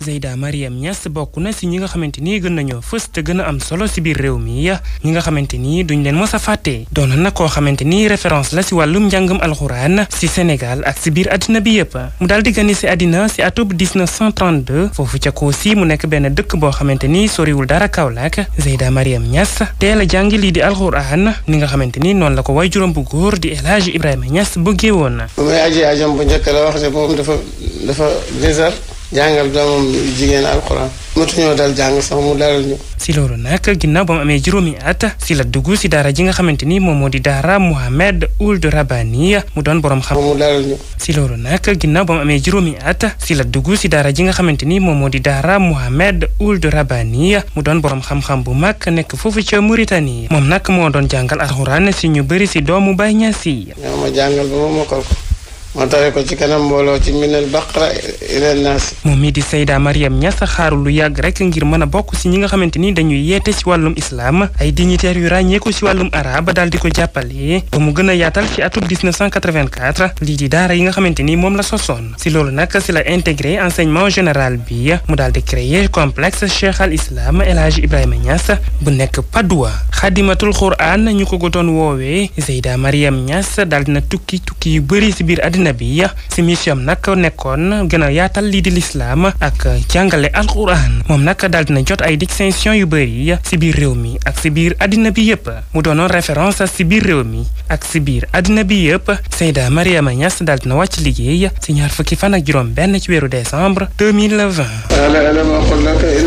Zaida Mariam ñass bokku na si ñi nga xamante ni gën nañoo fës gën a am solo si biir réew mi ya. ñi nga xamante ni duñ leen mos a fàtte doon na koo xamante référence la si wàllum njàngam alxuraan si Sénégal ak si biir àddina bi yépp mu daal di gani si àddina si atub 1932 foofu ca si mu nekk benn dëkk boo xamante ni soriwul dara Kaolack Zeyda Mariam ñass teel a jàngi lii di alxuraan ni nga xamante ni noonu la ko way juróom bu góor di El Ibrahim Ibrahima Niass bëggee jangal doomam jigéen alquran matuñoo dal jàng sax mu dalal ñu si loolu nag ginnaaw ba mu amee juróomi at si la dugg si daara ji nga xamante ni moom moo di daara Mohamed Ould Rabbani mu doon borom xam mu dalal ñu si loolu nag ginnaaw ba mu amee juróomi at si la dugg si daara ji nga xamante ni moom moo di daara Mohamed Ould mu doon borom xam-xam bu mag nekk foofu ca Mauritanie moom nag moo doon jàngal alquran si ñu bëri si doomu Baay Ñas ñoo ma ko Mumidi tax ko ci kanam mbooloo ci minal baqara ila naas moom mii di Seyda Mariam lu yàgg rek ngir mën a bokk si ñi dañuy islam ay dignitaires yu ràññeeku si wàllum arab daal di ko jàppale ba mu gën a yaatal ci atum 1984 lii di daara yi nga xamante ni la sosoon si loolu nag si la enseignement général bi mu daal di créer complexe Cheikh al Islam El Hadj Ibrahima Niass bu nekk Padoua xadimatul Quran ñu ko gotoon woowee Seyda Mariam Niass daal dina tukki tukki yu bëri àddina bi si mission am nag nekkoon gën a yaatal lii di lislaam ak jàngale alquran moom nag daal dina jot ay distinction yu bëri si biir réew mi ak si biir addina bi yëpp mu doonoon référence si biir réew mi ak si biir àddina bi yëpp Seyda Mariama Niass daal dina wàcc liggéey si ñaar fukki fan ak juróom benn ci weeru décembre 2020